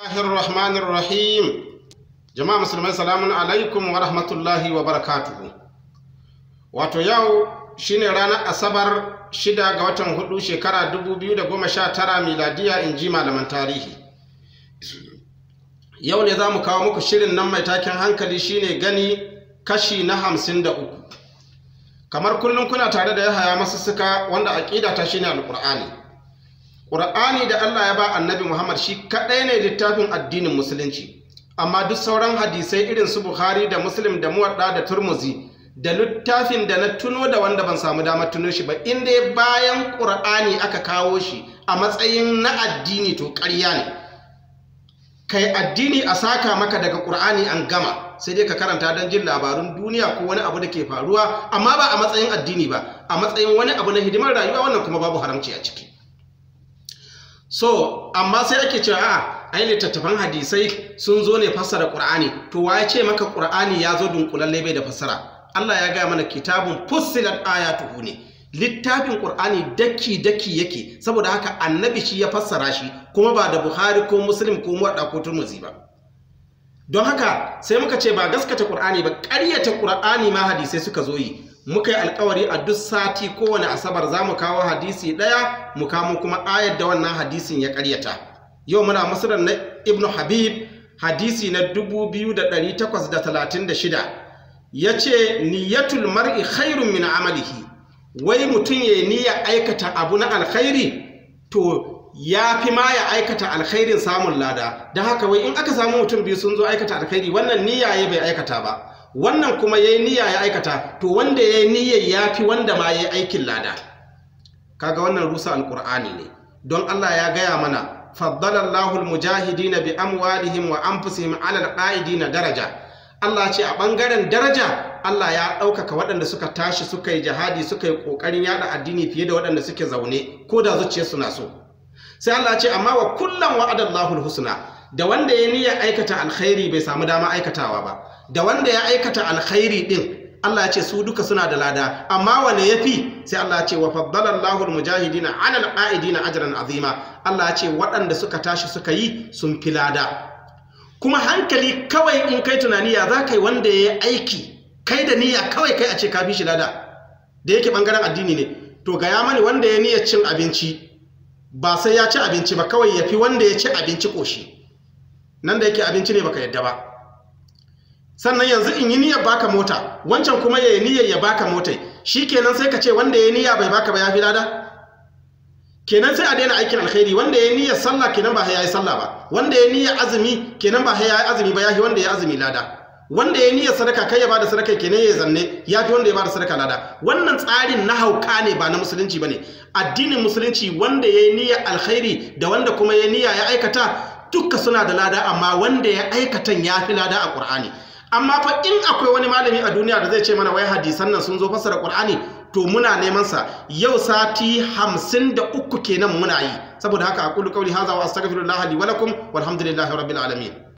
Bismillahir Rahim. Jama'a musulmai salamun alaikum wa rahmatullahi wa barakatuhu. Wato yau shine ranar Asabar shida ga watan hudu shekara dubu biyu da goma sha tara miladiya in ji malaman tarihi. Yau ne za mu kawo muku shirin nan mai taken hankali shine gani kashi na hamsin da uku. Kamar kullum kuna tare da yahaya masu suka wanda aƙida ta shine alƙur'ani. ƙur'ani da Allah ya ba annabi Muhammad shi kaɗai ne littafin addinin musulunci amma duk sauran hadisai irin su Bukhari da Muslim da Muwadda da Turmuzi da littafin da na tuno da wanda ban samu damar tuno shi ba inda bayan ƙur'ani aka kawo shi a matsayin na addini to ƙarya ne kai addini a saka maka daga ƙur'ani an gama sai dai ka karanta don jin labarun duniya ko wani abu da ke faruwa amma ba a matsayin addini ba a matsayin wani abu na hidimar rayuwa wannan kuma babu haramci a ciki so amma sai ake cewa a ai littattafan hadisai sun zo ne fassara qur'ani to wa ya ce maka qur'ani ya zo dunkulalle bai da fassara Allah ya gaya mana kitabun fussilat ayatuhu ne littafin qur'ani daki daki yake saboda haka annabi shi ya fassara shi kuma ba da buhari ko muslim ko muwadda ko turmuzi ba don haka sai muka ce ba gaskata qur'ani ba ƙaryata qur'ani ma hadisai suka zo yi muka yi alkawari a duk sati kowane asabar za mu kawo hadisi ɗaya mu kamo kuma ayar da wannan hadisin ya karyata. yau muna musulun na ibnu habib hadisi na 2836 ya ce niyatul mar'i khairun min amalihi wai mutum ya niyya aikata abu na alkhairi to ya fi ma ya aikata alkhairin samun lada don haka wai in aka samu mutum biyu sun zo aikata alkhairi wannan niyya ya bai aikata ba wannan kuma ya yi niyya ya aikata to wanda ya yayi niyyar fi wanda ma ya yi aikin lada kaga wannan rusa alkur'ani ne don Allah ya gaya mana faddalallahu mujahidina bi amwalihim wa anfusihim ala na daraja Allah ce a ɓangaren daraja Allah ya ɗaukaka waɗanda suka tashi suka yi jihadi suka yi ƙoƙarin yaɗa addini fiye da waɗanda suke zaune ko da zuciyarsu na so sai Allah ce amma wa kullum wa'adallahul husna da wanda ya niyyar aikata alkhairi bai samu dama aikatawa ba da wanda ya aikata alkhairi din Allah ya ce su duka suna da lada amma wane yafi sai Allah ce wa faddala Allahu almujahidina 'ala alqa'idina ajran azima Allah ya ce waɗanda suka tashi suka yi sun fi lada kuma hankali kawai in kai tunani ya zaka yi wanda ya yi aiki kai da niyya kawai kai a ce ka fi shi lada da yake bangaren addini ne to ga ya mani wanda ya niyyar cin abinci ba sai ya ci abinci ba kawai ya fi wanda ya ci abinci koshi nan da yake abinci ne baka yadda ba sannan yanzu in yi niyyar baka mota wancan kuma ya yi niyyar ya baka mota kenan sai ka ce wanda ya yi niyya bai baka ba ya fi lada kenan sai a daina aikin alkhairi wanda ya yi niyyar sallah kenan ba ya yi sallah ba wanda ya yi niyyar azumi kenan ba ya yi azumi ba ya fi wanda ya azumi lada wanda ya niyyar sadaka kai ya bada sadaka kenan ya zanne ya fi wanda ya bada sadaka lada wannan tsarin na hauka ne ba na musulunci ne. addinin musulunci wanda ya niyyar alkhairi da wanda kuma ya niyya ya aikata duka suna da lada amma wanda ya aikatan ya fi lada a ƙur'ani amma fa in akwai wani malami a duniya da zai ce mana wai hadisan nan sun zo fassara ƙur'ani to muna neman sa yau sati hamsin da uku kenan muna yi saboda haka aqulu qawli hadha wa astaghfirullaha li wa lakum walhamdulillahi rabbil alamin